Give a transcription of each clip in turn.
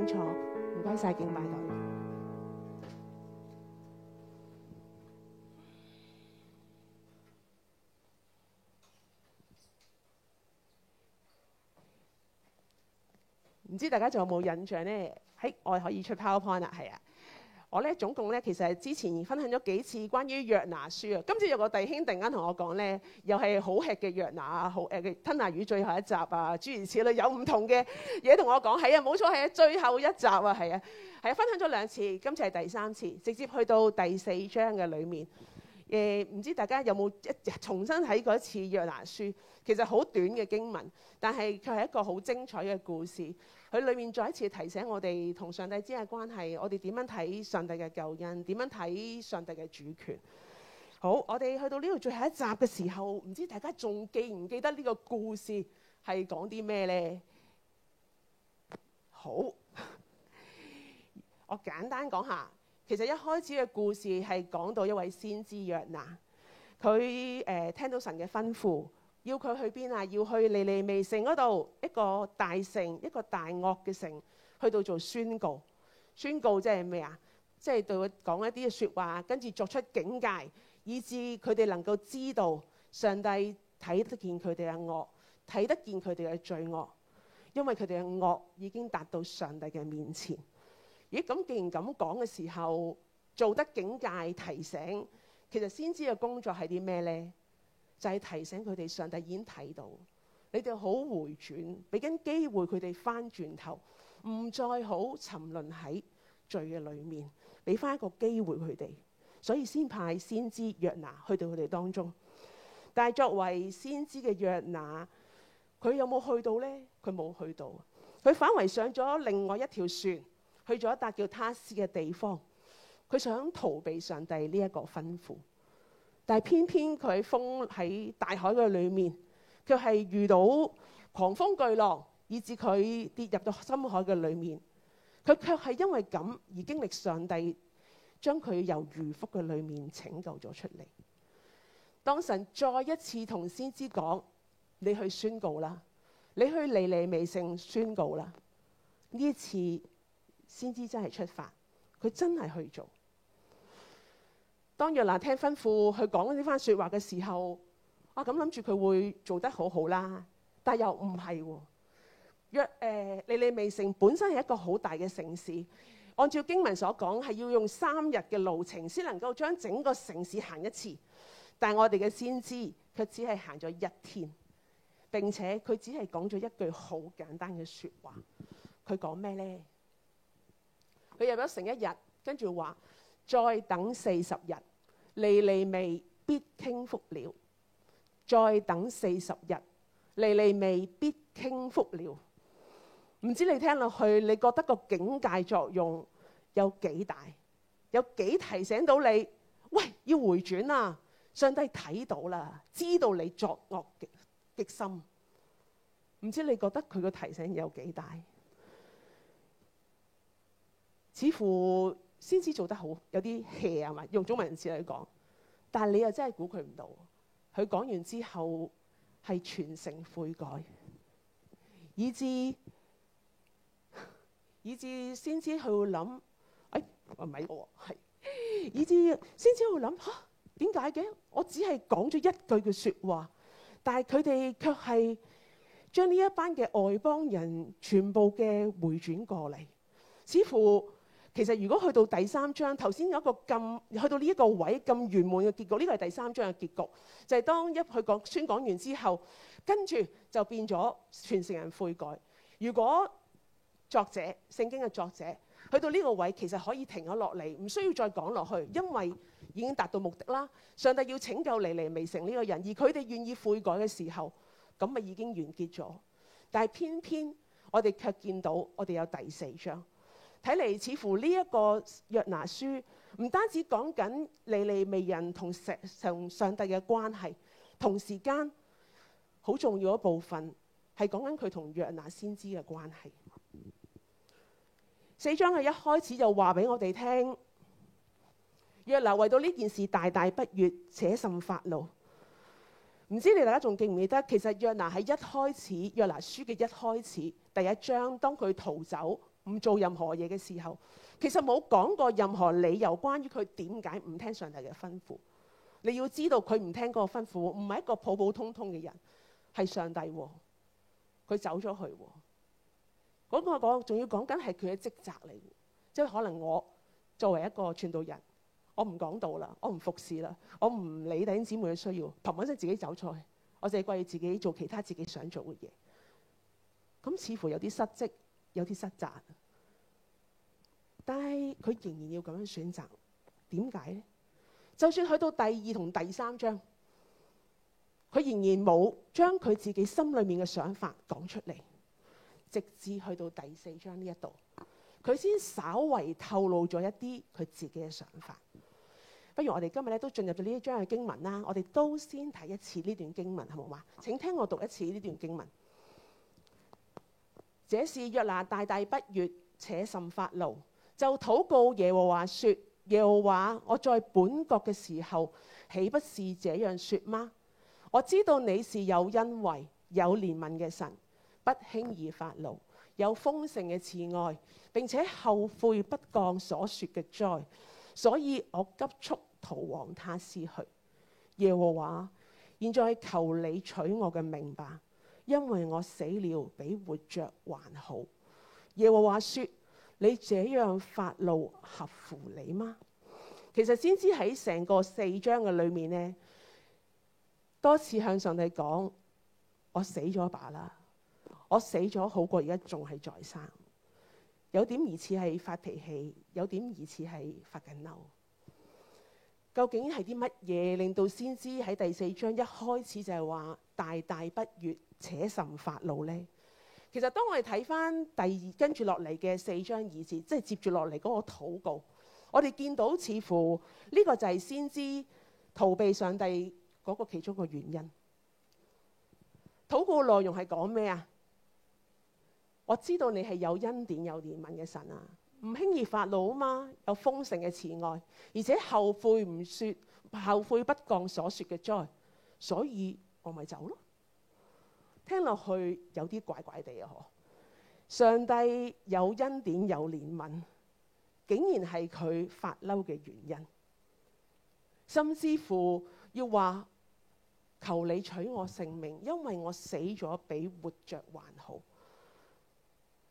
唔該晒。敬拜隊。唔知大家仲有冇印象呢？喺外可以出 PowerPoint 啦，係啊！我咧總共咧其實係之前分享咗幾次關於約拿書啊，今次有個弟兄突然間同我講咧，又係好吃嘅約拿啊，好食嘅吞拿魚最後一集啊，諸如此類有，有唔同嘅嘢同我講，係啊，冇錯係啊，最後一集啊，係啊，係啊，分享咗兩次，今次係第三次，直接去到第四章嘅裡面。誒，唔、嗯、知大家有冇一重新睇過一次約拿書？其實好短嘅經文，但係佢係一個好精彩嘅故事。佢裏面再一次提醒我哋同上帝之間關係，我哋點樣睇上帝嘅救恩，點樣睇上帝嘅主權。好，我哋去到呢度最後一集嘅時候，唔知大家仲記唔記得呢個故事係講啲咩呢？好，我簡單講下。其實一開始嘅故事係講到一位先知約拿，佢誒、呃、聽到神嘅吩咐，要佢去邊啊？要去尼尼微城嗰度，一個大城，一個大惡嘅城，去到做宣告。宣告即係咩啊？即係對佢講一啲嘅說話，跟住作出警戒，以至佢哋能夠知道上帝睇得見佢哋嘅惡，睇得見佢哋嘅罪惡，因為佢哋嘅惡已經達到上帝嘅面前。咦咁，既然咁講嘅時候做得警戒提醒，其實先知嘅工作係啲咩呢？就係、是、提醒佢哋，上帝已經睇到你哋好回轉，俾緊機會佢哋翻轉頭，唔再好沉淪喺罪嘅裏面，俾翻一個機會佢哋。所以先派先知約拿去到佢哋當中，但係作為先知嘅約拿，佢有冇去到呢？佢冇去到，佢反為上咗另外一條船。去咗一笪叫他斯嘅地方，佢想逃避上帝呢一個吩咐，但係偏偏佢封喺大海嘅裏面，卻係遇到狂風巨浪，以致佢跌入到深海嘅裏面。佢卻係因為咁而經歷上帝將佢由魚腹嘅裏面拯救咗出嚟。當神再一次同先知講：你去宣告啦，你去尼尼微城宣告啦。呢次。先知真係出發，佢真係去做。當約拿聽吩咐去講呢番說話嘅時候，啊咁諗住佢會做得好好啦，但又唔係，哦。約誒，你，呃，尼尼微城本身係一個好大嘅城市，按照經文所講，係要用三日嘅路程先能夠將整個城市行一次。但係我哋嘅先知，佢只係行咗一天，並且佢只係講咗一句好簡單嘅說話。佢講咩咧？佢入咗成一日，跟住話再等四十日，尼尼微必傾覆了；再等四十日，尼尼微必傾覆了。唔知你聽落去，你覺得個警戒作用有幾大？有幾提醒到你？喂，要回轉啦！上帝睇到啦，知道你作惡極極深。唔知你覺得佢個提醒有幾大？似乎先知做得好，有啲 hea 係嘛？用中文字嚟講，但係你又真係估佢唔到。佢講完之後係全城悔改，以至以至先知佢會諗：哎，唔係我喎，係。以至先知會諗吓，點解嘅？我只係講咗一句嘅説話，但係佢哋卻係將呢一班嘅外邦人全部嘅回轉過嚟，似乎。其實如果去到第三章，頭先有一個咁去到呢一個位咁圓滿嘅結局，呢個係第三章嘅結局，就係當一去講宣講完之後，跟住就變咗全城人悔改。如果作者聖經嘅作者去到呢個位，其實可以停咗落嚟，唔需要再講落去，因為已經達到目的啦。上帝要拯救尼尼微城呢個人，而佢哋願意悔改嘅時候，咁咪已經完結咗。但係偏偏我哋卻見到我哋有第四章。睇嚟似乎呢一個約拿書唔單止講緊利利未人同石同上帝嘅關係，同時間好重要一部分係講緊佢同約拿先知嘅關係。四章係一開始就話俾我哋聽，約拿為到呢件事大大不悅，且甚發怒。唔知你大家仲記唔記得？其實約拿係一開始約拿書嘅一開始第一章，當佢逃走，唔做任何嘢嘅時候，其實冇講過任何理由，關於佢點解唔聽上帝嘅吩咐。你要知道佢唔聽嗰個吩咐，唔係一個普普通通嘅人，係上帝。佢走咗去。講講講，仲要講緊係佢嘅職責嚟。即係可能我作為一個傳道人，我唔講道啦，我唔服侍啦，我唔理弟兄姊妹嘅需要，憑本身自己走咗去，我淨係掛住自己做其他自己想做嘅嘢。咁似乎有啲失職，有啲失責。但係佢仍然要咁樣選擇，點解咧？就算去到第二同第三章，佢仍然冇將佢自己心裏面嘅想法講出嚟，直至去到第四章呢一度，佢先稍為透露咗一啲佢自己嘅想法。不如我哋今日咧都進入咗呢一章嘅經文啦。我哋都先睇一次呢段經文，好唔好嘛？請聽我讀一次呢段經文。這是約拿大大不悅，且甚發怒。就禱告耶和華說：耶和華，我在本國嘅時候，豈不是這樣說嗎？我知道你是有恩惠、有憐憫嘅神，不輕易發怒，有豐盛嘅慈愛，並且後悔不降所說嘅災，所以我急速逃往他施去。耶和華，現在求你取我嘅命吧，因為我死了比活着還好。耶和華說。你這樣發怒合乎你嗎？其實先知喺成個四章嘅裏面咧，多次向上帝講：我死咗罷啦，我死咗好過而家仲係在生。有點疑似係發脾氣，有點疑似係發緊嬲。究竟係啲乜嘢令到先知喺第四章一開始就係話大大不悦且甚發怒咧？其實當我哋睇翻第二跟住落嚟嘅四章二節，即係接住落嚟嗰個禱告，我哋見到似乎呢個就係先知逃避上帝嗰個其中個原因。禱告內容係講咩啊？我知道你係有恩典有憐憫嘅神啊，唔輕易發怒啊嘛，有豐盛嘅慈愛，而且後悔唔說，後悔不降所說嘅災，所以我咪走咯。聽落去有啲怪怪地啊！嗬，上帝有恩典有憐憫，竟然係佢發嬲嘅原因，甚至乎要話求你取我性命，因為我死咗比活着還好。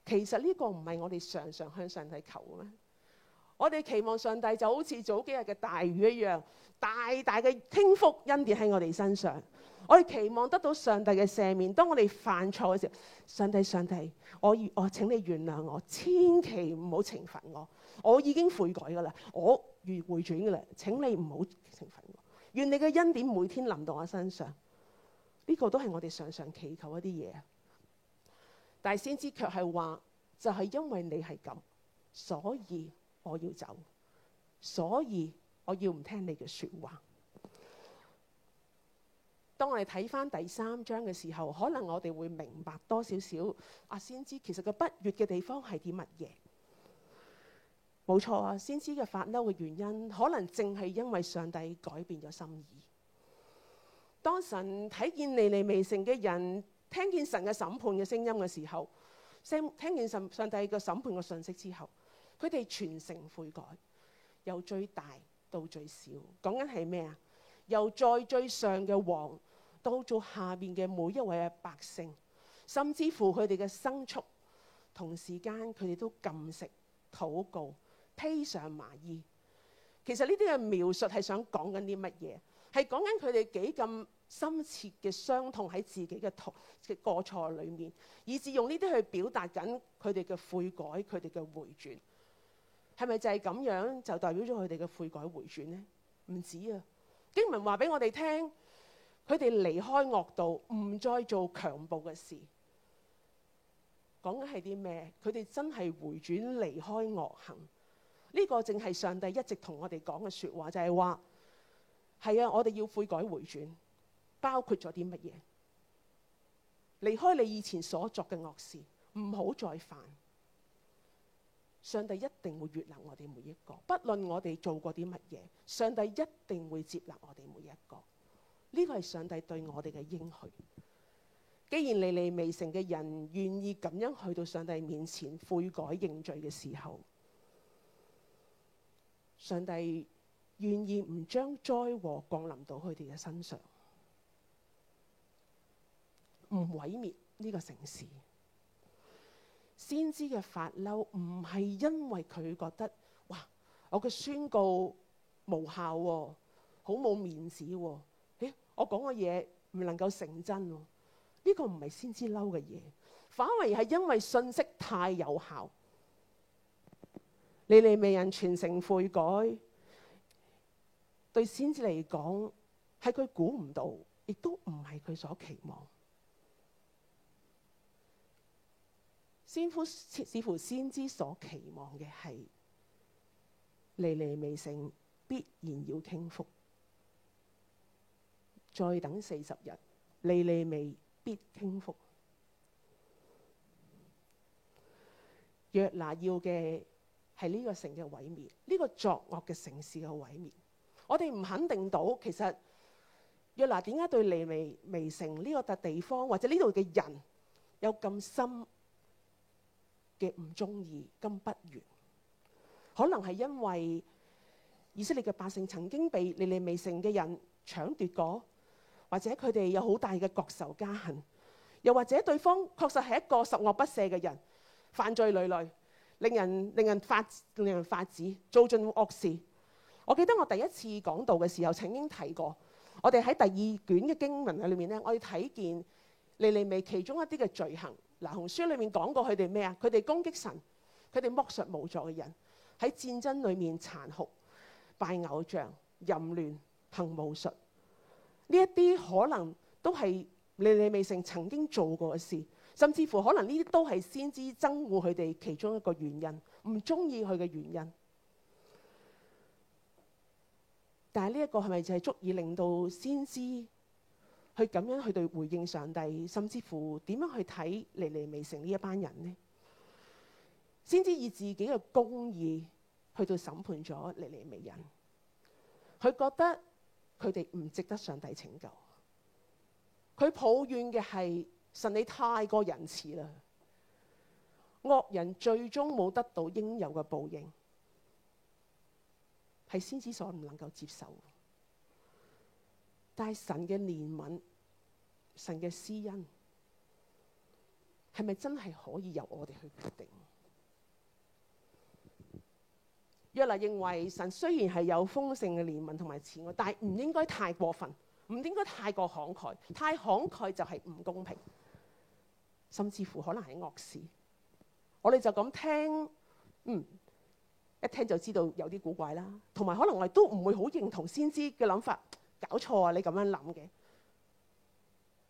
其實呢個唔係我哋常常向上帝求咩？我哋期望上帝就好似早幾日嘅大雨一樣，大大嘅傾覆恩典喺我哋身上。我哋期望得到上帝嘅赦免，當我哋犯錯嘅時候，上帝上帝，我我請你原諒我，千祈唔好懲罰我，我已經悔改噶啦，我願回轉噶啦，請你唔好懲罰我，願你嘅恩典每天臨到我身上，呢個都係我哋常常祈求一啲嘢，但係先知卻係話，就係因為你係咁，所以我要走，所以我要唔聽你嘅說話。當我哋睇翻第三章嘅時候，可能我哋會明白多少少阿、啊、先知其實個不悦嘅地方係啲乜嘢？冇錯啊，先知嘅發嬲嘅原因，可能淨係因為上帝改變咗心意。當神睇見尼尼微城嘅人，聽見神嘅審判嘅聲音嘅時候，聽聽見神上帝嘅審判嘅信息之後，佢哋全城悔改，由最大到最小，講緊係咩啊？由在最上嘅王。到咗下邊嘅每一位嘅百姓，甚至乎佢哋嘅牲畜同時間，佢哋都禁食、禱告、披上麻衣。其實呢啲嘅描述係想講緊啲乜嘢？係講緊佢哋幾咁深切嘅傷痛喺自己嘅錯嘅過錯裏面，以至用呢啲去表達緊佢哋嘅悔改、佢哋嘅回轉。係咪就係咁樣就代表咗佢哋嘅悔改回轉呢？唔止啊，經文話俾我哋聽。佢哋離開惡道，唔再做強暴嘅事，講緊係啲咩？佢哋真係回轉離開惡行，呢、這個正係上帝一直同我哋講嘅説話，就係話係啊！我哋要悔改回轉，包括咗啲乜嘢？離開你以前所作嘅惡事，唔好再犯。上帝一定會悅納我哋每一個，不論我哋做過啲乜嘢，上帝一定會接納我哋每一個。呢個係上帝對我哋嘅應許。既然尼尼微城嘅人願意咁樣去到上帝面前悔改認罪嘅時候，上帝願意唔將災禍降臨到佢哋嘅身上，唔毀滅呢個城市。先知嘅發嬲唔係因為佢覺得哇，我嘅宣告無效啊，好冇面子啊。我講嘅嘢唔能夠成真咯，呢、這個唔係先知嬲嘅嘢，反為係因為信息太有效，尼尼微人全城悔改，對先知嚟講係佢估唔到，亦都唔係佢所期望，先夫似乎先知所期望嘅係尼尼微城，必然要傾覆。再等四十日，尼尼微必傾覆。約拿要嘅係呢個城嘅毀滅，呢個作惡嘅城市嘅毀滅。我哋唔肯定到，其實約拿點解對尼尼微城呢個笪地方或者呢度嘅人有咁深嘅唔中意，咁不悅？可能係因為以色列嘅百姓曾經被尼尼微城嘅人搶奪過。或者佢哋有好大嘅國仇家恨，又或者對方確實係一個十惡不赦嘅人，犯罪累累，令人令人發令人髮指，做盡惡事。我記得我第一次講道嘅時候曾經提過，我哋喺第二卷嘅經文裏面咧，我哋睇見尼尼微其中一啲嘅罪行。嗱，紅書裏面講過佢哋咩啊？佢哋攻擊神，佢哋剝削無助嘅人，喺戰爭裏面殘酷，拜偶像、淫亂、行巫術。呢一啲可能都係尼尼微城曾經做過嘅事，甚至乎可能呢啲都係先知憎惡佢哋其中一個原因，唔中意佢嘅原因。但係呢一個係咪就係足以令到先知去咁樣去對回應上帝，甚至乎點樣去睇尼尼微城呢一班人呢？先知以自己嘅公義去對審判咗尼尼微人，佢覺得。佢哋唔值得上帝拯救，佢抱怨嘅係神你太過仁慈啦，惡人最終冇得到應有嘅報應，係先知所唔能夠接受。但係神嘅憐憫，神嘅私恩，係咪真係可以由我哋去決定？約拿認為神雖然係有豐盛嘅憐憫同埋慈愛，但係唔應該太過分，唔應該太過慷慨，太慷慨就係唔公平，甚至乎可能係惡事。我哋就咁聽，嗯，一聽就知道有啲古怪啦，同埋可能我哋都唔會好認同先知嘅諗法，搞錯啊！你咁樣諗嘅，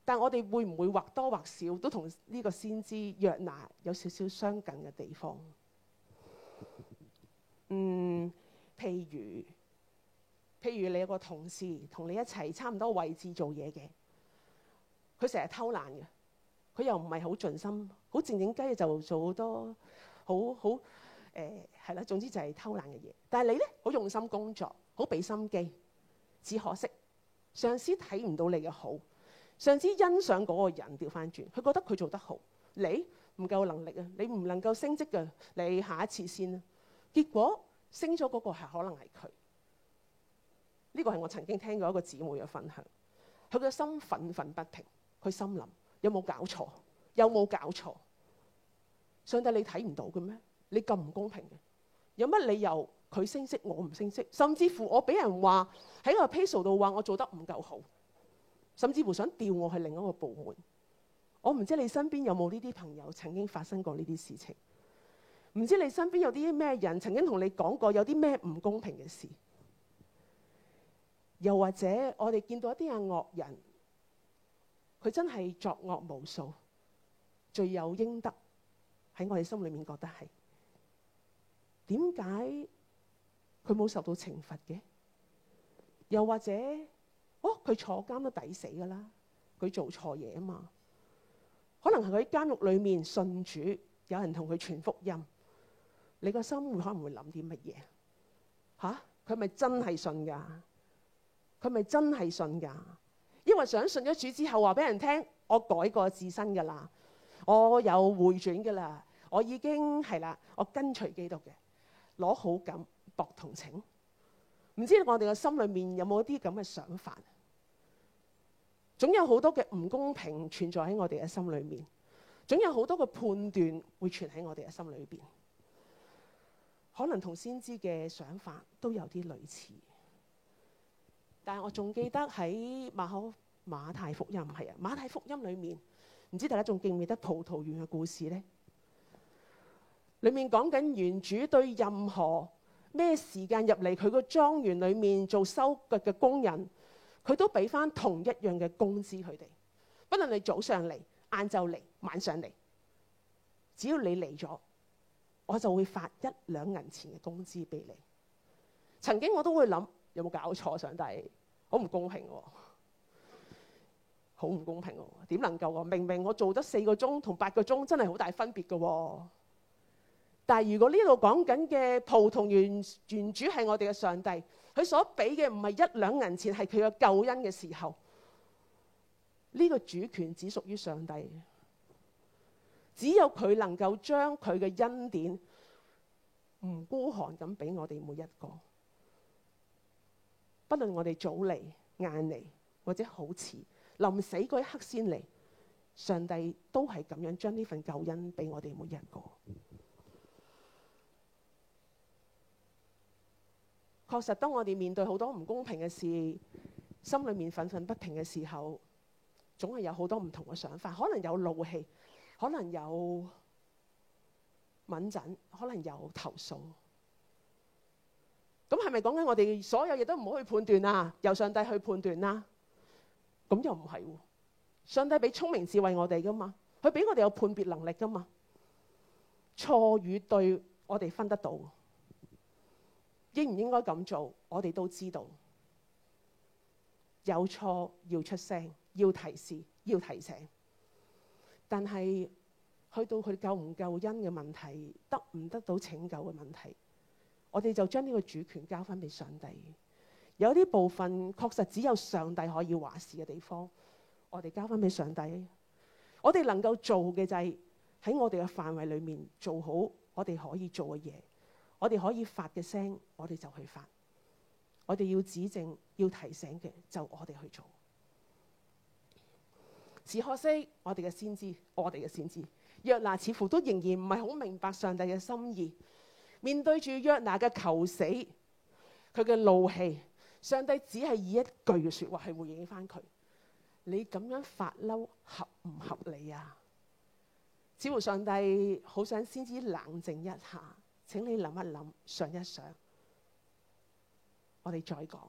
但係我哋會唔會或多或少都同呢個先知約拿有少少相近嘅地方？嗯，譬如譬如你有個同事同你一齊差唔多位置做嘢嘅，佢成日偷懶嘅，佢又唔係好盡心，好靜靜雞就做好多好好，誒係啦。總之就係偷懶嘅嘢。但係你咧，好用心工作，好俾心機，只可惜上司睇唔到你嘅好，上司欣賞嗰個人調翻轉，佢覺得佢做得好，你唔夠能力啊，你唔能夠升職嘅，你下一次先啦。結果升咗嗰個係可能係佢，呢、這個係我曾經聽過一個姊妹嘅分享，佢嘅心憤憤不停，佢心諗有冇搞錯，有冇搞錯？上帝你睇唔到嘅咩？你咁唔公平嘅，有乜理由佢升職我唔升職？甚至乎我俾人話喺個 appraisal 度話我做得唔夠好，甚至乎想調我去另一個部門。我唔知你身邊有冇呢啲朋友曾經發生過呢啲事情。唔知你身邊有啲咩人曾經同你講過有啲咩唔公平嘅事，又或者我哋見到一啲嘅惡人，佢真係作惡無數，罪有應得，喺我哋心裏面覺得係點解佢冇受到懲罰嘅？又或者哦，佢坐監都抵死㗎喇，佢做錯嘢啊嘛，可能係佢喺監獄裏面信主，有人同佢傳福音。你個心會可能會諗啲乜嘢吓？佢咪真係信㗎？佢咪真係信㗎？因為想信咗主之後，話俾人聽，我改過自身㗎啦，我有回轉㗎啦，我已經係啦，我跟隨基督嘅，攞好感博同情。唔知我哋嘅心裏面有冇啲咁嘅想法？總有好多嘅唔公平存在喺我哋嘅心裏面，總有好多嘅判斷會存喺我哋嘅心裏邊。可能同先知嘅想法都有啲類似，但係我仲記得喺馬可馬太福音唔係啊，馬太福音裏面，唔知大家仲記唔記得葡萄園嘅故事咧？裡面講緊園主對任何咩時間入嚟佢個莊園裏面做收割嘅工人，佢都俾翻同一樣嘅工資佢哋，不論你早上嚟、晏晝嚟、晚上嚟，只要你嚟咗。我就會發一兩銀錢嘅工資俾你。曾經我都會諗，有冇搞錯上帝，好唔公平，哦，好唔公平，點能夠啊？明明我做得四個鐘同八個鐘真係好大分別噶，哦。但係如果呢度講緊嘅葡萄園原主係我哋嘅上帝，佢所俾嘅唔係一兩銀錢，係佢嘅救恩嘅時候，呢、呢個主權只屬於上帝。只有佢能夠將佢嘅恩典唔、嗯、孤寒咁俾我哋每一個，不論我哋早嚟、晏嚟，或者好遲，臨死嗰一刻先嚟，上帝都係咁樣將呢份救恩俾我哋每一個。確實，當我哋面對好多唔公平嘅事，心裡面憤憤不平嘅時候，總係有好多唔同嘅想法，可能有怒氣。可能有敏診，可能有投訴。咁係咪講緊我哋所有嘢都唔好去判斷啊？由上帝去判斷啦，啊？咁又唔係喎。上帝俾聰明智慧我哋噶嘛？佢俾我哋有判別能力噶嘛？錯與對，我哋分得到。應唔應該咁做，我哋都知道。有錯要出聲，要提示，要提醒。但係去到佢救唔救恩嘅問題，得唔得到拯救嘅問題，我哋就將呢個主權交翻俾上帝。有啲部分確實只有上帝可以話事嘅地方，我哋交翻俾上帝。我哋能夠做嘅就係喺我哋嘅範圍裡面做好我哋可以做嘅嘢，我哋可以發嘅聲我哋就去發。我哋要指正、要提醒嘅就我哋去做。只可惜，我哋嘅先知，我哋嘅先知，約拿似乎都仍然唔係好明白上帝嘅心意。面對住約拿嘅求死，佢嘅怒氣，上帝只係以一句嘅說話去回應翻佢，你咁樣發嬲合唔合理啊？似乎上帝好想先知冷靜一下，請你諗一諗，想一想，我哋再講。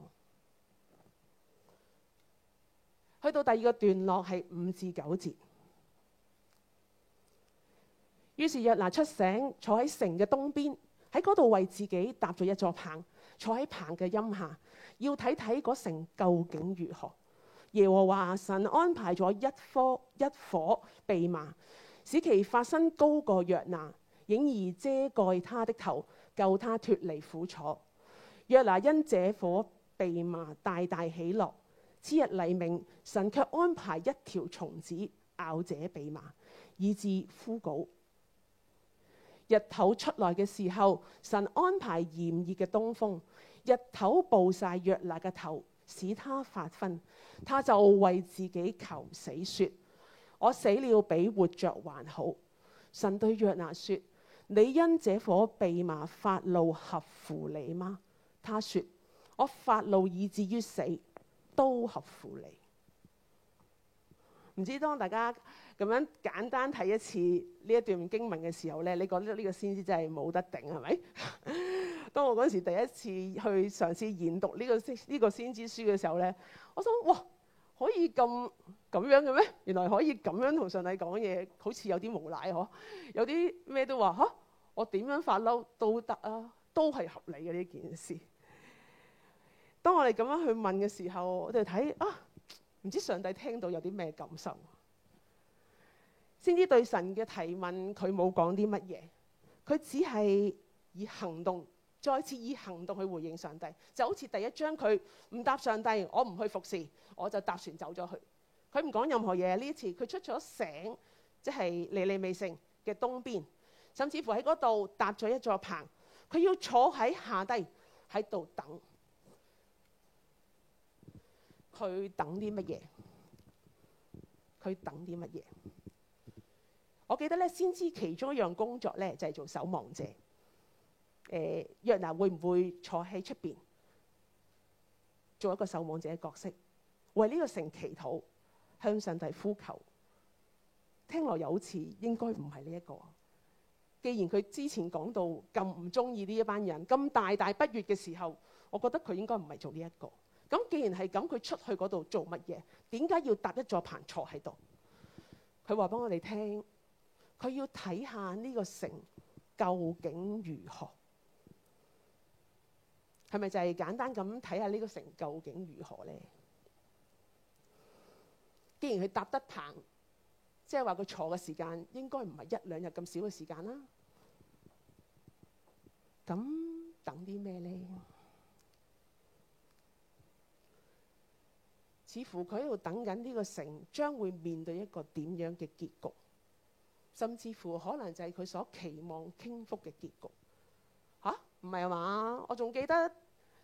去到第二個段落係五至九節，於是約拿出城坐喺城嘅東邊，喺嗰度為自己搭咗一座棚，坐喺棚嘅蔭下，要睇睇嗰城究竟如何。耶和華神安排咗一棵一棵蓖麻，使其發生高過約拿，影兒遮蓋他的頭，救他脱離苦楚。約拿因這棵蓖麻大大喜樂。次日黎明，神卻安排一條蟲子咬這蓖麻，以致枯槁。日頭出來嘅時候，神安排炎熱嘅東風，日頭暴曬約拿嘅頭，使他發昏。他就為自己求死，說：我死了比活着還好。神對約拿說：你因這棵蓖麻發怒合乎理嗎？他說：我發怒以至於死。都合乎你。唔知當大家咁樣簡單睇一次呢一段經文嘅時候咧，你覺得呢個先知真係冇得頂係咪？ 當我嗰陣時第一次去嘗試研讀呢、這個呢、這個先知書嘅時候咧，我想哇，可以咁咁樣嘅咩？原來可以咁樣同上帝講嘢，好似有啲無賴呵、啊，有啲咩都話嚇、啊，我點樣發嬲都得啊，都係合理嘅呢件事。當我哋咁樣去問嘅時候，我哋睇啊，唔知上帝聽到有啲咩感受，先知對神嘅提問，佢冇講啲乜嘢，佢只係以行動再次以行動去回應上帝，就好似第一章佢唔搭上帝，我唔去服侍，我就搭船走咗去。佢唔講任何嘢呢一次，佢出咗城，即係尼尼微城嘅東邊，甚至乎喺嗰度搭咗一座棚，佢要坐喺下低喺度等。佢等啲乜嘢？佢等啲乜嘢？我記得咧，先知其中一樣工作咧就係、是、做守望者。誒、呃，約拿會唔會坐喺出邊做一個守望者嘅角色，為呢個城祈禱，向上帝呼求？聽落有似應該唔係呢一個。既然佢之前講到咁唔中意呢一班人，咁大大不悦嘅時候，我覺得佢應該唔係做呢、這、一個。咁既然係咁，佢出去嗰度做乜嘢？點解要搭一座棚坐喺度？佢話畀我哋聽，佢要睇下呢個城究竟如何。係咪就係簡單咁睇下呢個城究竟如何咧？既然佢搭得棚，即係話佢坐嘅時間應該唔係一兩日咁少嘅時間啦。咁等啲咩咧？似乎佢喺度等緊呢個城將會面對一個點樣嘅結局，甚至乎可能就係佢所期望傾覆嘅結局吓？唔係啊嘛！我仲記得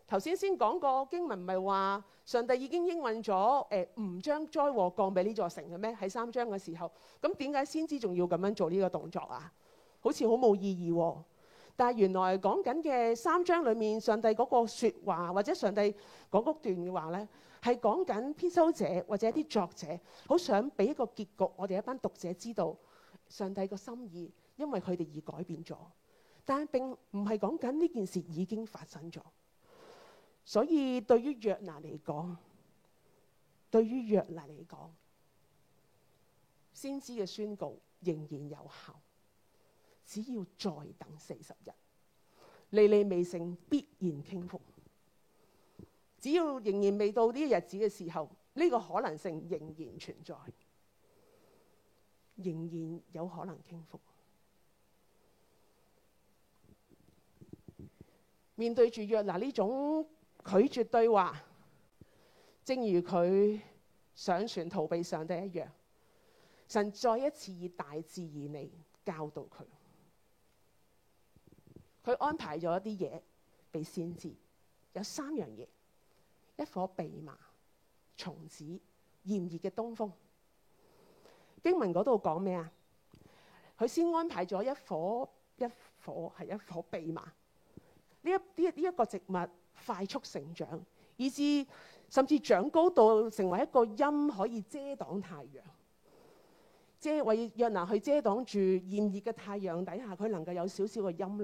頭先先講過經文，唔係話上帝已經應允咗誒，唔將災禍降俾呢座城嘅咩？喺三章嘅時候，咁點解先知仲要咁樣做呢個動作啊？好似好冇意義喎、哦。但係原來講緊嘅三章裏面，上帝嗰個説話或者上帝講嗰段嘅話咧。係講緊編修者或者啲作者，好想俾一個結局，我哋一班讀者知道上帝個心意，因為佢哋而改變咗。但係並唔係講緊呢件事已經發生咗。所以對於約拿嚟講，對於約拿嚟講，先知嘅宣告仍然有效，只要再等四十日，尼尼微城必然傾覆。只要仍然未到呢個日子嘅時候，呢、這個可能性仍然存在，仍然有可能傾覆。面對住約拿呢種拒絕對話，正如佢上船逃避上帝一樣，神再一次以大自然嚟教導佢。佢安排咗一啲嘢俾先知，有三樣嘢。一顆蓖麻，蟲子、炎熱嘅東風。經文嗰度講咩啊？佢先安排咗一顆一顆係一顆蓖麻，呢一呢呢一,一個植物快速成長，以致甚至長高到成為一個陰，可以遮擋太陽，遮為若能去遮擋住炎熱嘅太陽底下，佢能夠有少少嘅陰涼。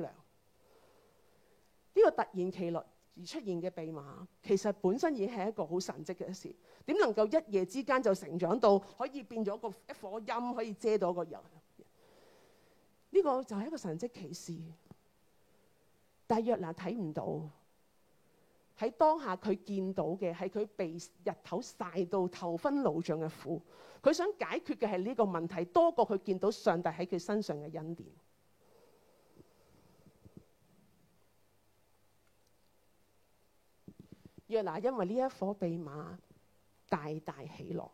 呢、這個突然奇律。而出現嘅蓖麻，其實本身已經係一個好神蹟嘅事。點能夠一夜之間就成長到可以變咗個一火陰，可以遮到個人？呢、這個就係一個神蹟奇事。但係約拿睇唔到，喺當下佢見到嘅係佢被日頭晒到頭昏腦脹嘅苦。佢想解決嘅係呢個問題，多過佢見到上帝喺佢身上嘅恩典。約拿因為呢一棵蓖麻大大喜樂。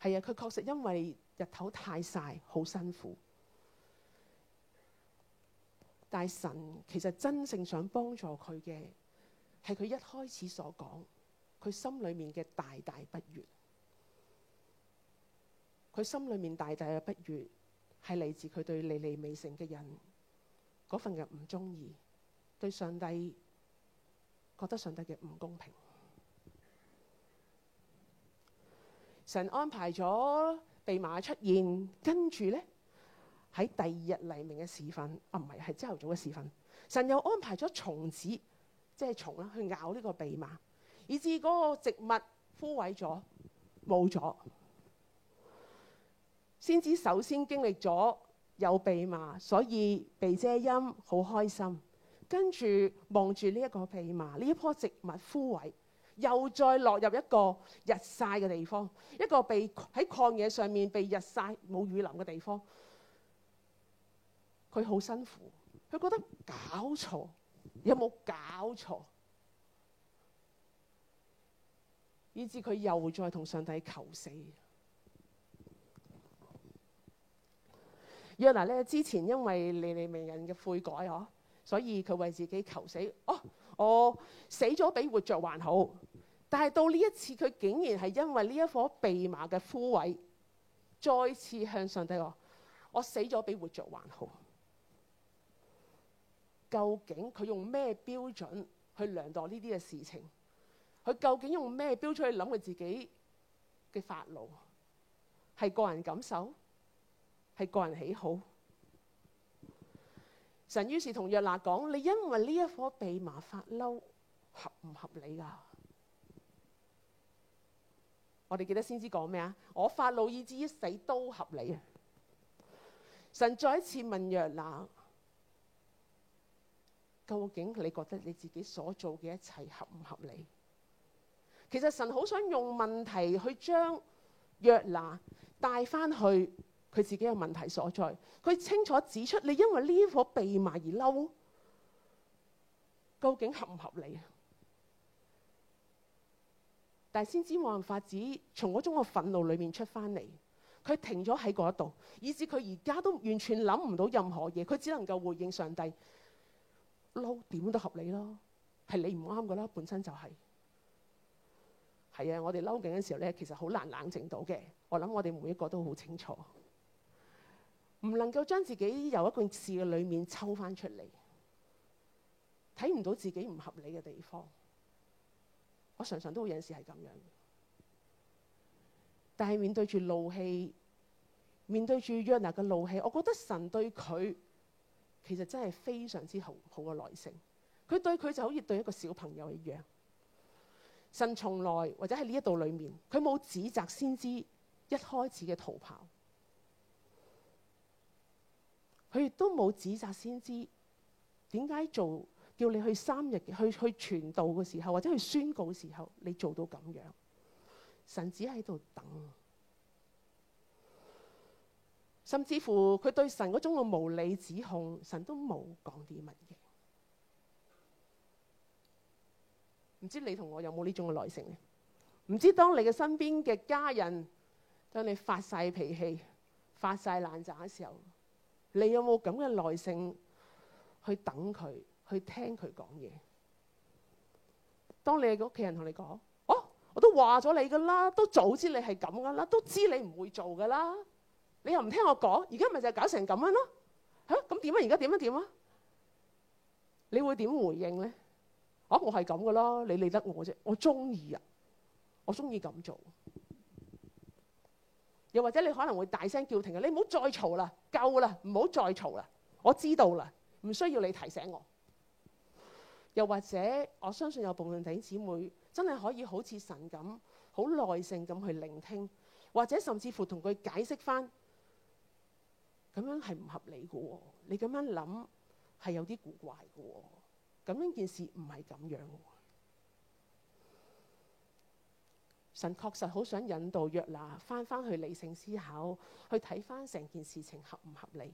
係啊，佢確實因為日頭太晒好辛苦，但神其實真正想幫助佢嘅，係佢一開始所講，佢心裏面嘅大大不悅，佢心裏面大大嘅不悅，係嚟自佢對尼尼微城嘅人嗰份嘅唔中意，對上帝。覺得上帝嘅唔公平。神安排咗蓖麻出現，跟住咧喺第二日黎明嘅時分，啊唔係，係朝頭早嘅時分，神又安排咗蟲子，即係蟲啦，去咬呢個蓖麻，以至嗰個植物枯萎咗，冇咗，先知首先經歷咗有蓖麻，所以被遮陰，好開心。跟住望住呢一個蓖麻呢一樖植物枯萎，又再落入一個日曬嘅地方，一個被喺曠野上面被日曬冇雨淋嘅地方，佢好辛苦，佢覺得搞錯，有冇搞錯？以至佢又再同上帝求死。約拿咧之前因為尼尼微人嘅悔改呵。所以佢為自己求死，哦，我死咗比活着還好。但係到呢一次，佢竟然係因為呢一樖蓖麻嘅枯萎，再次向上帝話：我死咗比活着還好。究竟佢用咩標準去量度呢啲嘅事情？佢究竟用咩標準去諗佢自己嘅發怒？係個人感受？係個人喜好？神於是同約拿講：你因為呢一顆蓖麻發嬲，合唔合理啊？我哋記得先知講咩啊？我發怒以至於死都合理啊！神再一次問約拿：究竟你覺得你自己所做嘅一切合唔合理？其實神好想用問題去將約拿帶翻去。佢自己嘅問題所在，佢清楚指出你因為呢棵蓖麻而嬲，究竟合唔合理？但係先知冇法子從嗰種嘅憤怒裏面出翻嚟。佢停咗喺嗰度，以至佢而家都完全諗唔到任何嘢。佢只能夠回應上帝：嬲點都合理咯，係你唔啱噶啦，本身就係、係、係啊。我哋嬲緊嘅時候咧，其實好難冷靜到嘅。我諗我哋每一個都好清楚。唔能夠將自己由一件事嘅裏面抽翻出嚟，睇唔到自己唔合理嘅地方。我常常都會有時係咁樣，但係面對住怒氣，面對住約拿嘅怒氣，我覺得神對佢其實真係非常之好好嘅耐性。佢對佢就好似對一個小朋友一樣。神從來或者喺呢一度裏面，佢冇指責先知一開始嘅逃跑。佢亦都冇指責先知點解做叫你去三日去去傳道嘅時候，或者去宣告嘅時候，你做到咁樣？神只喺度等，甚至乎佢對神嗰種嘅無理指控，神都冇講啲乜嘢。唔知你同我有冇呢種嘅耐性咧？唔知當你嘅身邊嘅家人當你發晒脾氣、發晒爛渣嘅時候？你有冇咁嘅耐性去等佢，去聽佢講嘢？當你嘅屋企人同你講、啊，我我都話咗你噶啦，都早知你係咁噶啦，都知你唔會做噶啦，你又唔聽我講，而家咪就係搞成咁樣咯？嚇，咁點啊？而家點啊點啊？你會點回應咧？啊，我係咁噶啦，你理得我啫？我中意啊，我中意咁做！又或者你可能會大聲叫停嘅，你唔好再嘈啦，夠啦，唔好再嘈啦，我知道啦，唔需要你提醒我。又或者我相信有部分弟兄姊妹真係可以好似神咁，好耐性咁去聆聽，或者甚至乎同佢解釋返，咁樣係唔合理嘅喎、哦，你咁樣諗係有啲古怪嘅喎、哦，咁樣件事唔係咁樣、哦。神確實好想引導約拿翻翻去理性思考，去睇翻成件事情合唔合理。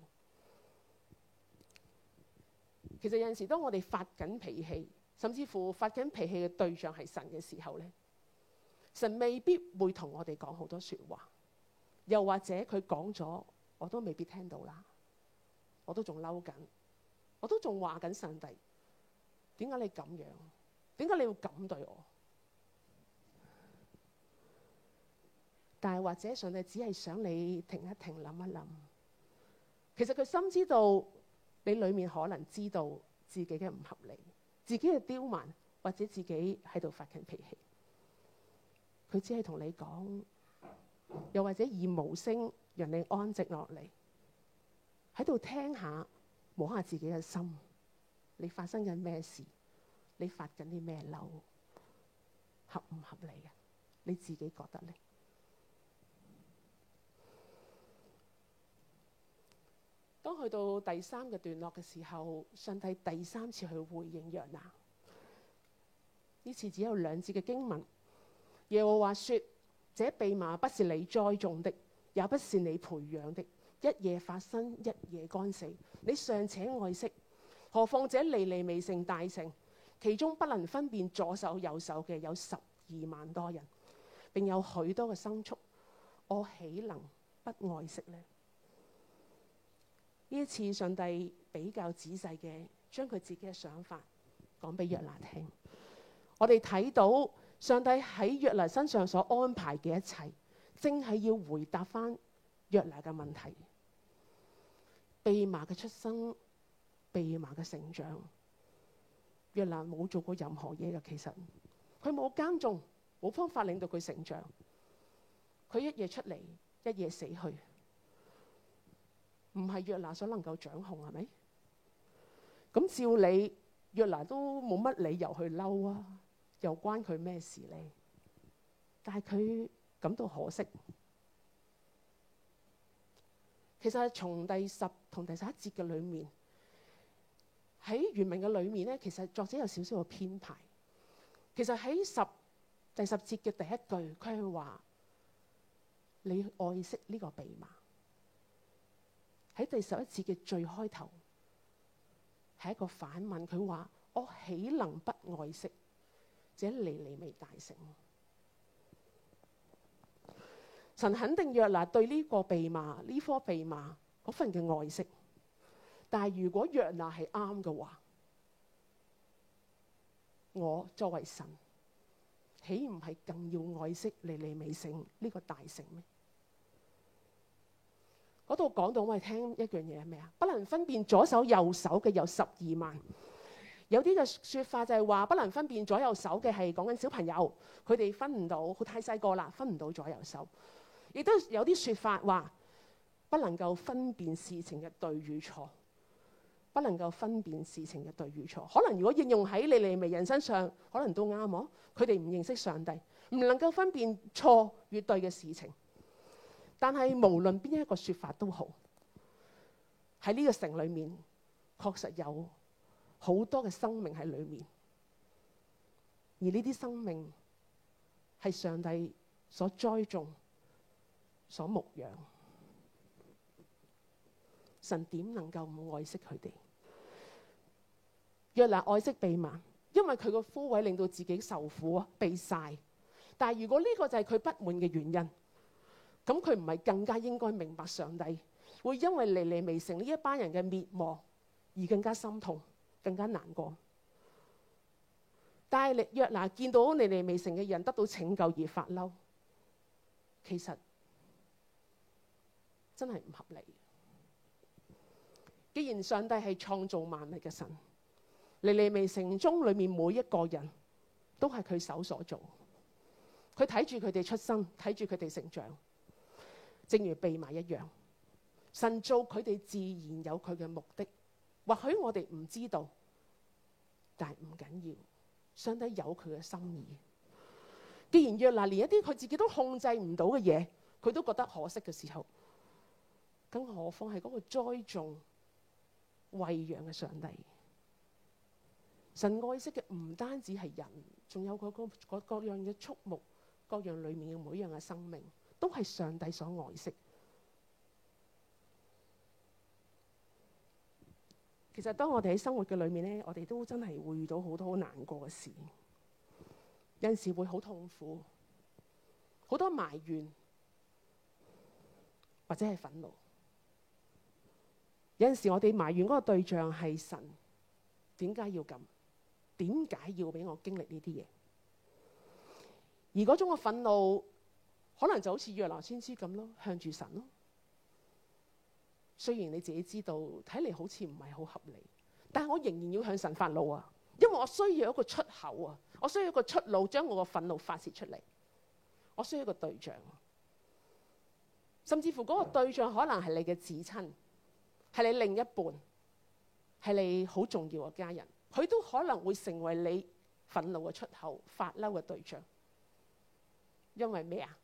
其實有陣時當我哋發緊脾氣，甚至乎發緊脾氣嘅對象係神嘅時候咧，神未必會同我哋講好多說話，又或者佢講咗，我都未必聽到啦，我都仲嬲緊，我都仲話緊上帝，點解你咁樣？點解你要咁對我？但係或者上帝只係想你停一停諗一諗，其實佢深知道你裏面可能知道自己嘅唔合理，自己嘅刁蠻或者自己喺度發緊脾氣，佢只係同你講，又或者以無聲讓你安靜落嚟，喺度聽下摸下自己嘅心，你發生緊咩事，你發緊啲咩嬲，合唔合理嘅，啊？你自己覺得咧？當去到第三個段落嘅時候，上帝第三次去回應約拿。呢次只有兩節嘅經文。耶和華說：這蓖麻不是你栽種的，也不是你培養的，一夜發生，一夜乾死。你尚且愛惜，何況這尼尼微大城，其中不能分辨左手右手嘅有十二萬多人，並有許多嘅牲畜。我豈能不愛惜呢？呢一次上帝比較仔細嘅將佢自己嘅想法講俾約拿聽，我哋睇到上帝喺約拿身上所安排嘅一切，正係要回答翻約拿嘅問題。蓖麻嘅出生，蓖麻嘅成長，約拿冇做過任何嘢嘅，其實佢冇耕種，冇方法令到佢成長，佢一夜出嚟，一夜死去。唔係約拿所能夠掌控，係咪？咁照理，約拿都冇乜理由去嬲啊，又關佢咩事呢？但係佢感到可惜。其實從第十同第十一節嘅裏面，喺原文嘅裏面咧，其實作者有少少嘅編排。其實喺十第十節嘅第一句，佢係話你愛惜呢個蓖麻。喺第十一次嘅最開頭，係一個反問，佢話：我豈能不愛惜這尼尼微大城。神肯定約拿對呢個蓖麻，呢棵蓖麻嗰份嘅愛惜，但係如果約拿係啱嘅話，我作為神，豈唔係更要愛惜尼尼微城呢，這個大城咩？嗰度講到喂，聽一樣嘢係咩啊？不能分辨左手右手嘅有十二萬。有啲嘅説法就係話，不能分辨左右手嘅係講緊小朋友，佢哋分唔到，太細個啦，分唔到左右手。亦都有啲説法話，不能夠分辨事情嘅對與錯。不能夠分辨事情嘅對與錯，可能如果應用喺尼尼微人身上，可能都啱我，佢哋唔認識上帝，唔能夠分辨錯與對嘅事情。但係無論邊一個說法都好，喺呢個城裏面，確實有好多嘅生命喺裏面，而呢啲生命係上帝所栽種、所牧養，神點能夠唔愛惜佢哋？約拿愛惜蓖麻，因為佢嘅枯萎令到自己受苦、被曬，但係如果呢個就係佢不滿嘅原因？咁佢唔係更加應該明白上帝會因為尼尼微城呢一班人嘅滅亡而更加心痛、更加難過？但係，約拿見到尼尼微城嘅人得到拯救而發嬲，其實真係唔合理。既然上帝係創造萬物嘅神，尼尼微城中裏面每一個人都係佢手所做，佢睇住佢哋出生，睇住佢哋成長。正如秘埋一樣，神做佢哋自然有佢嘅目的，或許我哋唔知道，但係唔緊要，上帝有佢嘅心意。既然約拿連一啲佢自己都控制唔到嘅嘢，佢都覺得可惜嘅時候，更何況係嗰個栽種、餵養嘅上帝？神愛惜嘅唔單止係人，仲有嗰各各樣嘅畜牧、各樣裏面嘅每一樣嘅生命。都係上帝所愛惜。其實當我哋喺生活嘅裏面咧，我哋都真係會遇到好多好難過嘅事，有陣時會好痛苦，好多埋怨、或者係憤怒。有陣時我哋埋怨嗰個對象係神，點解要咁？點解要俾我經歷呢啲嘢？而嗰種嘅憤怒。可能就好似約拿先知咁咯，向住神咯。雖然你自己知道，睇嚟好似唔係好合理，但係我仍然要向神發怒啊！因為我需要一個出口啊，我需要一個出路，將我個憤怒發洩出嚟。我需要一個對象，甚至乎嗰個對象可能係你嘅至親，係你另一半，係你好重要嘅家人，佢都可能會成為你憤怒嘅出口、發嬲嘅對象。因為咩啊？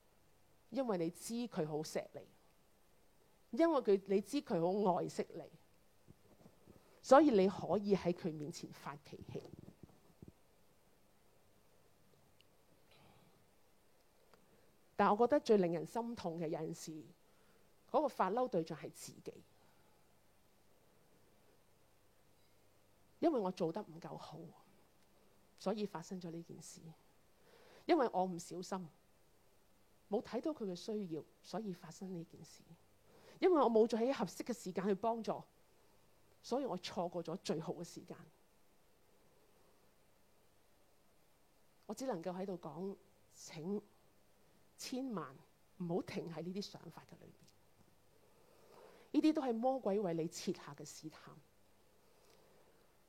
因為你知佢好錫你，因為佢你知佢好愛惜你，所以你可以喺佢面前發脾氣。但我覺得最令人心痛嘅，有陣時，嗰個發嬲對象係自己，因為我做得唔夠好，所以發生咗呢件事，因為我唔小心。冇睇到佢嘅需要，所以發生呢件事。因為我冇再喺合適嘅時間去幫助，所以我錯過咗最好嘅時間。我只能夠喺度講，請千萬唔好停喺呢啲想法嘅裏邊。呢啲都係魔鬼為你設下嘅試探，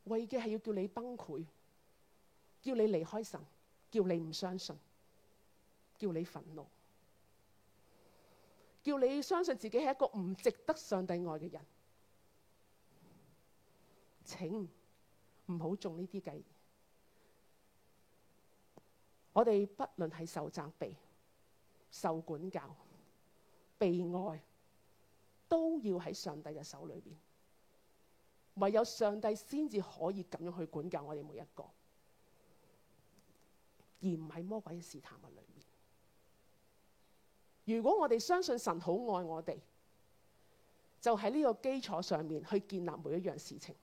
為嘅係要叫你崩潰，叫你離開神，叫你唔相信，叫你憤怒。叫你相信自己係一個唔值得上帝愛嘅人，請唔好中呢啲計。我哋不論係受責備、受管教、被愛，都要喺上帝嘅手裏邊。唯有上帝先至可以咁樣去管教我哋每一個，而唔係魔鬼嘅試探嘅裏。如果我哋相信神好愛我哋，就喺呢個基礎上面去建立每一樣事情。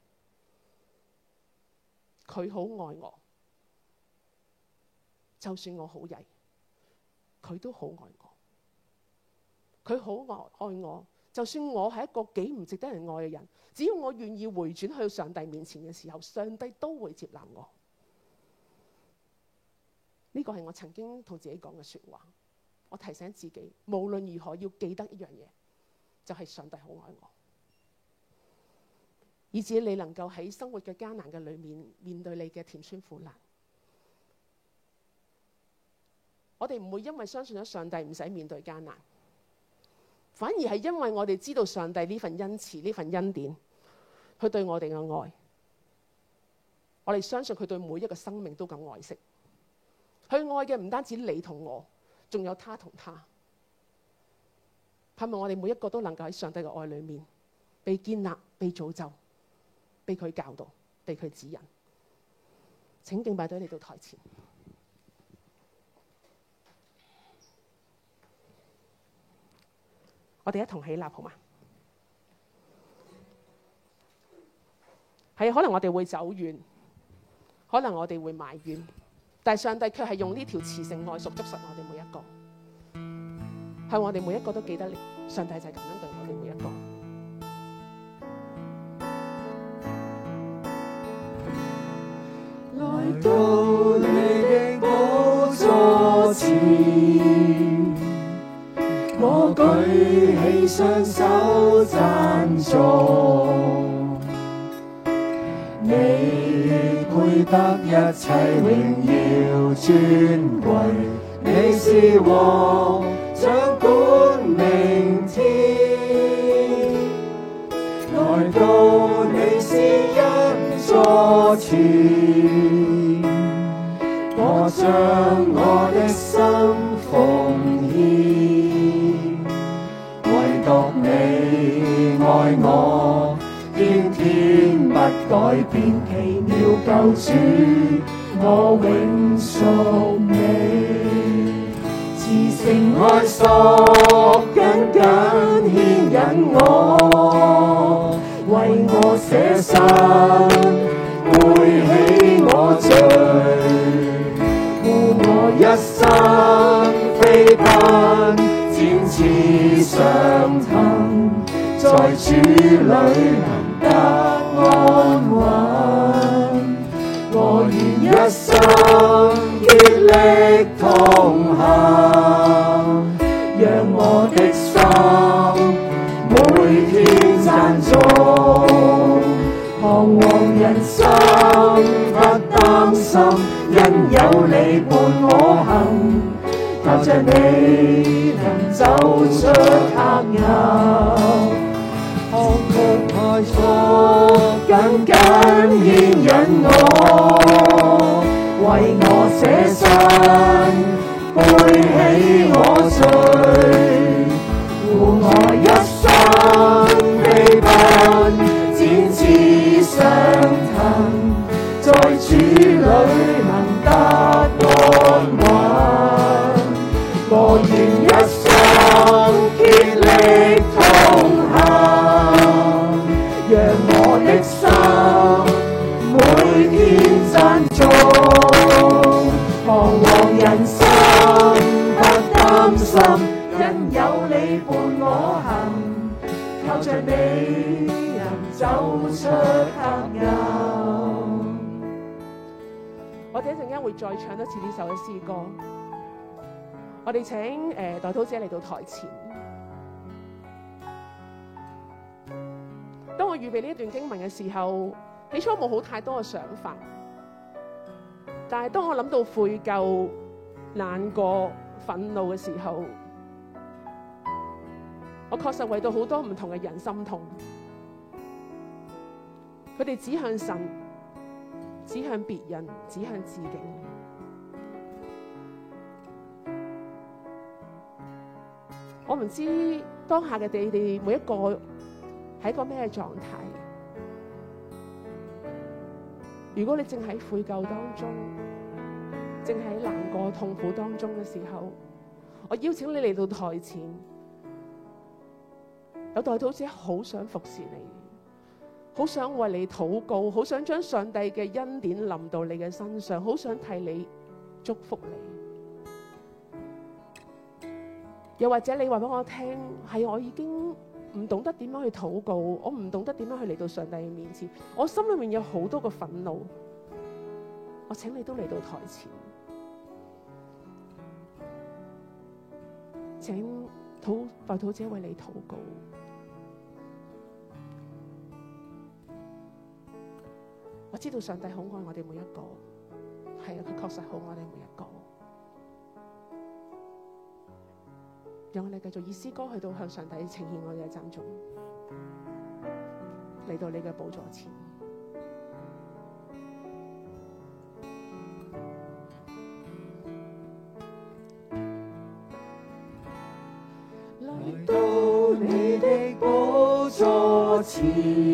佢好愛我，就算我好曳，佢都好愛我。佢好愛愛我，就算我係一個幾唔值得人愛嘅人，只要我願意回轉去上帝面前嘅時候，上帝都會接納我。呢個係我曾經同自己講嘅說話。我提醒自己，無論如何要記得一樣嘢，就係上帝好愛我，以至你能夠喺生活嘅艱難嘅裏面面對你嘅甜酸苦辣。我哋唔會因為相信咗上帝唔使面對艱難，反而係因為我哋知道上帝呢份恩慈、呢份恩典，佢對我哋嘅愛。我哋相信佢對每一個生命都咁愛惜，佢愛嘅唔單止你同我。仲有他同他，盼望我哋每一個都能夠喺上帝嘅愛裏面被建立、被造就、被佢教導、被佢指引。請敬拜隊嚟到台前，我哋一同起立，好嗎？係可能我哋會走遠，可能我哋會埋怨。但係上帝卻係用呢條慈繩愛索捉實我哋每一個，係我哋每一個都記得你，上帝就係咁樣對我哋每一個。來到你嘅寶座前，我舉起雙手讚賀。得一切榮耀尊貴，你是王掌管明天。來到你施恩座前，我將。改變奇妙，救主我永屬你，慈繩愛索緊緊牽引我，為我捨身背起我罪，護我一生飛奔展翅上騰，在主裏得安穩，和諧一生，竭力同行，讓我的心每天讚頌。彷徨人生不擔心，因有你伴我行，靠着你能走出黑暗。愛火緊緊牽引我，為我捨身背起我罪，護我一生臂膀，展翅上騰在主裏。出朋友，我哋一陣間會再唱多次呢首嘅詩歌。我哋請誒、呃、代禱姐嚟到台前。當我預備呢一段經文嘅時候，起初冇好太多嘅想法，但係當我諗到悔疚、難過、憤怒嘅時候，我確實為到好多唔同嘅人心痛。佢哋指向神，指向別人，指向自己。我唔知當下嘅你哋每一個係一個咩狀態？如果你正喺悔疚當中，正喺難過痛苦當中嘅時候，我邀請你嚟到台前，有代禱者好想服侍你。好想為你禱告，好想將上帝嘅恩典臨到你嘅身上，好想替你祝福你。又或者你話俾我聽，係我已經唔懂得點樣去禱告，我唔懂得點樣去嚟到上帝嘅面前，我心裏面有好多嘅憤怒，我請你都嚟到台前，請土白土姐為你禱告。我知道上帝好愛我哋每一個，係啊，佢確實好愛我哋每一個。讓我哋繼續以詩歌去到向上帝呈現我哋嘅讚頌，嚟到你嘅寶座前，嚟到你的寶座前。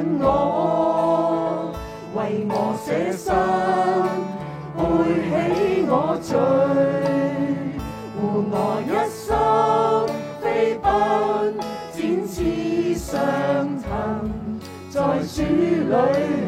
引我為我捨身，背起我罪，換我一生飛奔，展翅上騰，在樹裏。